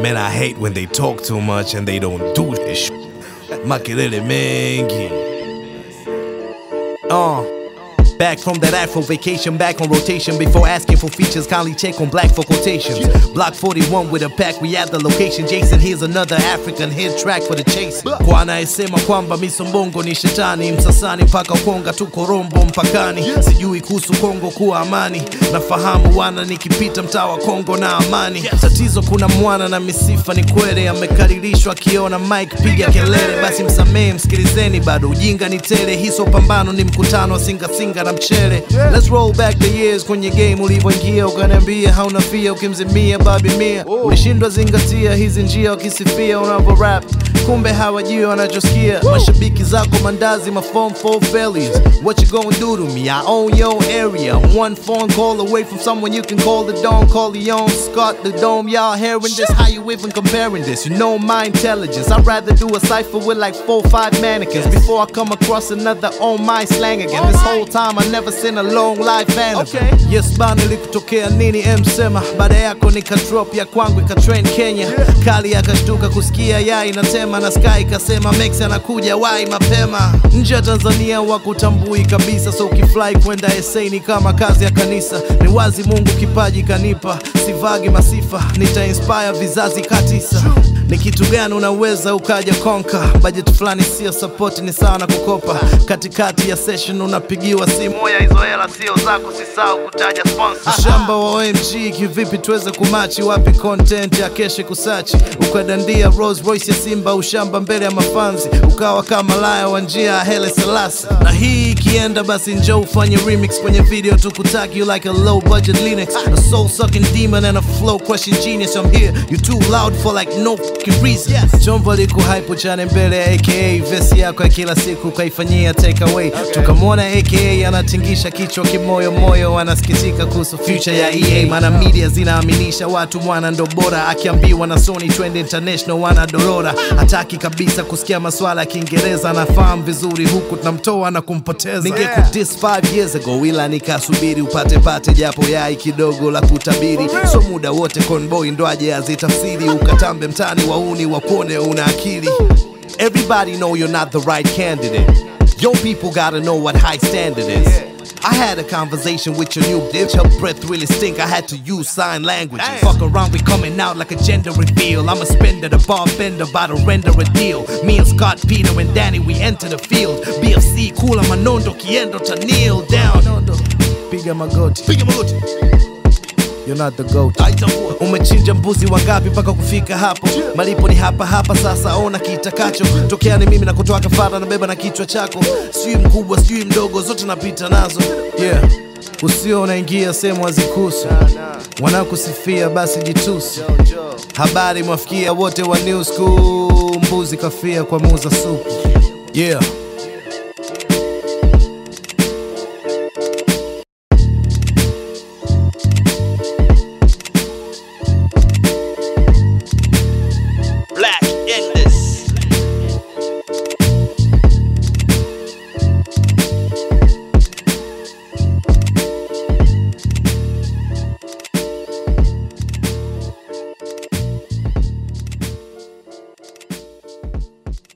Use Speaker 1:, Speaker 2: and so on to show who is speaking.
Speaker 1: Man, I hate when they talk too much and they don't do this. Makelele mengi. Uh. Back from that Afro vacation, back on rotation. Before asking for features, kindly check on black for quotations. Block 41 with a pack, we at the location. Jason, here's another African hit track for the chase. Kwana esema kwamba misombongo ni shetani, msasani mpaka konga tu korombo mpakani. Sijui kuhusu Kongo kuwa amani, nafahamu wana nikipita mtaa wa Kongo na amani. Tatizo kuna mwana na misifa ni kweli, amekaririshwa akiona mike piga kelele. Basi msamehe, msikilizeni, bado ujinga ni tele. Hiso pambano ni mkutano wa singa I'm chilling. Let's roll back the years when your game will even gear. Gonna be a hound of fear, Kim's and me and Bobby Mia. Machine does in Gatia, he's in jail. Gio, Kissy of a rap kumbe hawajui wanachosikia. Mashabiki zako mandazi, my phone for failures. What you gonna do to me? I own your area. One phone call away from someone you can call the Don young Scott the Dome. Y'all hearing this? How you even comparing this? You know my intelligence. I'd rather do a cipher with like four, five mannequins before I come across another on my slang again. This whole time I never seen a long live vanity. Okay. Yes, bana nilikutokea nini emsema, baada yako nikadrop ya kwangu ikatrend Kenya, kali akashtuka kusikia ya inasema mapema na Sky kasema Max anakuja wai mapema. Nje ya Tanzania wakutambui kabisa, so ukifly kwenda SA ni kama kazi ya kanisa. Ni wazi Mungu kipaji kanipa, sivagi masifa, nita inspire vizazi katisa. Ni kitu gani unaweza ukaja konka? Bajeti fulani sio support, ni sana kukopa. Katikati ya session unapigiwa simu, moya hizo hela sio zako, sisahau kutaja sponsor. Shamba wa OMG kivipi tuweze kumachi? Wapi content ya keshe kusachi? Ukadandia Rolls Royce ya Simba ushamba mbele ya mafanzi, ukawa kama laya wa njia ya Hele Selasa. Na hii ikienda basi, njo ufanye remix kwenye video tukutaki, you like a low budget Linux, a soul sucking demon and a flow question genius. I'm here, you too loud for like no fucking reason. Yes. chombo liku hype uchane mbele ya aka vesi yako ya kila siku kaifanyia take away. Okay. Tukamwona aka anatingisha kichwa kimoyo moyo, anasikitika kuhusu future ya EA, maana media zinaaminisha watu mwana ndo bora, akiambiwa na Sony twende international wana dorora hataki kabisa kusikia maswala ya Kiingereza, anafahamu vizuri huku tunamtoa na kumpoteza. Ningekudis 5 years ago, ila nikasubiri upate pate japo yai kidogo la kutabiri, so muda wote conboy ndo aje azitafsiri, ukatambe mtani wauni wakuone una akili. Everybody know you're not the right candidate. Your people gotta know what high standard is. I had a conversation with your new bitch. Her breath really stink. I had to use sign language. Fuck around, we coming out like a gender reveal. I'm a spender, the bar bender, about to render a deal. Me and Scott, Peter, and Danny, we enter the field. BFC, cool, I'm a nondo, to kneel down. Piga magoti. my magoti. You're not the goat. Umechinja mbuzi wangapi mpaka kufika hapo? Malipo ni hapa hapa, sasa ona kitakacho tokea. Ni mimi na kutoa kafara, nabeba na kichwa chako. Sijui mkubwa, sijui mdogo, zote napita nazo yeah. Usio unaingia sehemu hazikuhusu, kusifia basi jitusi. Habari mwafikia wote wa new school, mbuzi kafia kwa muuza supu yeah.